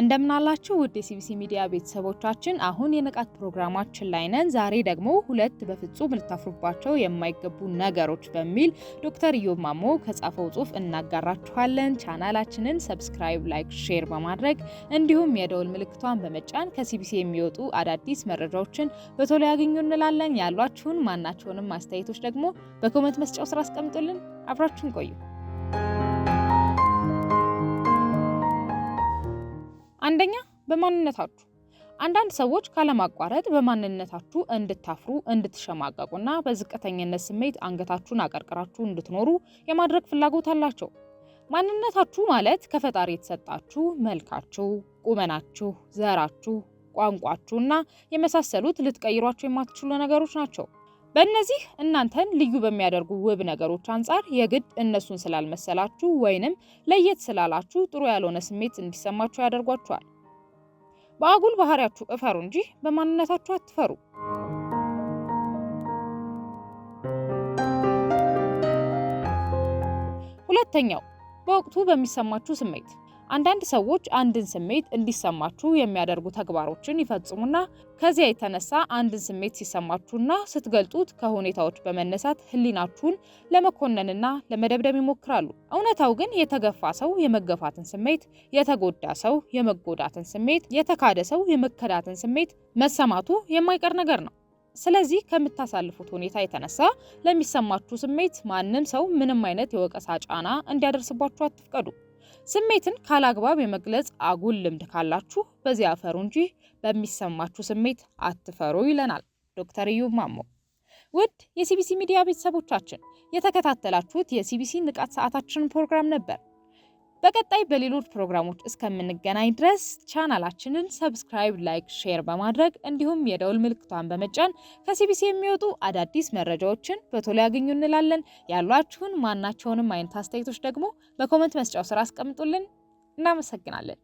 እንደምናላችሁ ውድ የሲቢሲ ሚዲያ ቤተሰቦቻችን፣ አሁን የንቃት ፕሮግራማችን ላይ ነን። ዛሬ ደግሞ ሁለት በፍጹም ልታፍሩባቸው የማይገቡ ነገሮች በሚል ዶክተር ኢዮብ ማሞ ከጻፈው ጽሁፍ እናጋራችኋለን። ቻናላችንን ሰብስክራይብ፣ ላይክ፣ ሼር በማድረግ እንዲሁም የደውል ምልክቷን በመጫን ከሲቢሲ የሚወጡ አዳዲስ መረጃዎችን በቶሎ ያገኙ እንላለን። ያሏችሁን ማናቸውንም አስተያየቶች ደግሞ በኮመንት መስጫው ስራ አስቀምጡልን። አብራችሁን ቆዩ። አንደኛ በማንነታችሁ አንዳንድ ሰዎች ካለማቋረጥ በማንነታችሁ እንድታፍሩ እንድትሸማቀቁና በዝቅተኝነት ስሜት አንገታችሁን አቀርቅራችሁ እንድትኖሩ የማድረግ ፍላጎት አላቸው። ማንነታችሁ ማለት ከፈጣሪ የተሰጣችሁ መልካችሁ፣ ቁመናችሁ፣ ዘራችሁ፣ ቋንቋችሁ እና የመሳሰሉት ልትቀይሯቸው የማትችሉ ነገሮች ናቸው። በእነዚህ እናንተን ልዩ በሚያደርጉ ውብ ነገሮች አንጻር የግድ እነሱን ስላልመሰላችሁ ወይንም ለየት ስላላችሁ ጥሩ ያልሆነ ስሜት እንዲሰማችሁ ያደርጓችኋል። በአጉል ባህሪያችሁ እፈሩ እንጂ በማንነታችሁ አትፈሩ። ሁለተኛው በወቅቱ በሚሰማችሁ ስሜት አንዳንድ ሰዎች አንድን ስሜት እንዲሰማችሁ የሚያደርጉ ተግባሮችን ይፈጽሙና ከዚያ የተነሳ አንድን ስሜት ሲሰማችሁና ስትገልጡት ከሁኔታዎች በመነሳት ህሊናችሁን ለመኮነንና ለመደብደብ ይሞክራሉ። እውነታው ግን የተገፋ ሰው የመገፋትን ስሜት፣ የተጎዳ ሰው የመጎዳትን ስሜት፣ የተካደ ሰው የመከዳትን ስሜት መሰማቱ የማይቀር ነገር ነው። ስለዚህ ከምታሳልፉት ሁኔታ የተነሳ ለሚሰማችሁ ስሜት ማንም ሰው ምንም አይነት የወቀሳ ጫና እንዲያደርስባችሁ አትፍቀዱ። ስሜትን ካላግባብ የመግለጽ አጉል ልምድ ካላችሁ በዚህ አፈሩ እንጂ በሚሰማችሁ ስሜት አትፈሩ ይለናል ዶክተር እዩብ ማሞ። ውድ የሲቢሲ ሚዲያ ቤተሰቦቻችን የተከታተላችሁት የሲቢሲ ንቃት ሰዓታችን ፕሮግራም ነበር። በቀጣይ በሌሎች ፕሮግራሞች እስከምንገናኝ ድረስ ቻናላችንን ሰብስክራይብ፣ ላይክ፣ ሼር በማድረግ እንዲሁም የደውል ምልክቷን በመጫን ከሲቢሲ የሚወጡ አዳዲስ መረጃዎችን በቶሎ ያገኙ እንላለን። ያሏችሁን ማናቸውንም አይነት አስተያየቶች ደግሞ በኮመንት መስጫው ስራ አስቀምጡልን። እናመሰግናለን።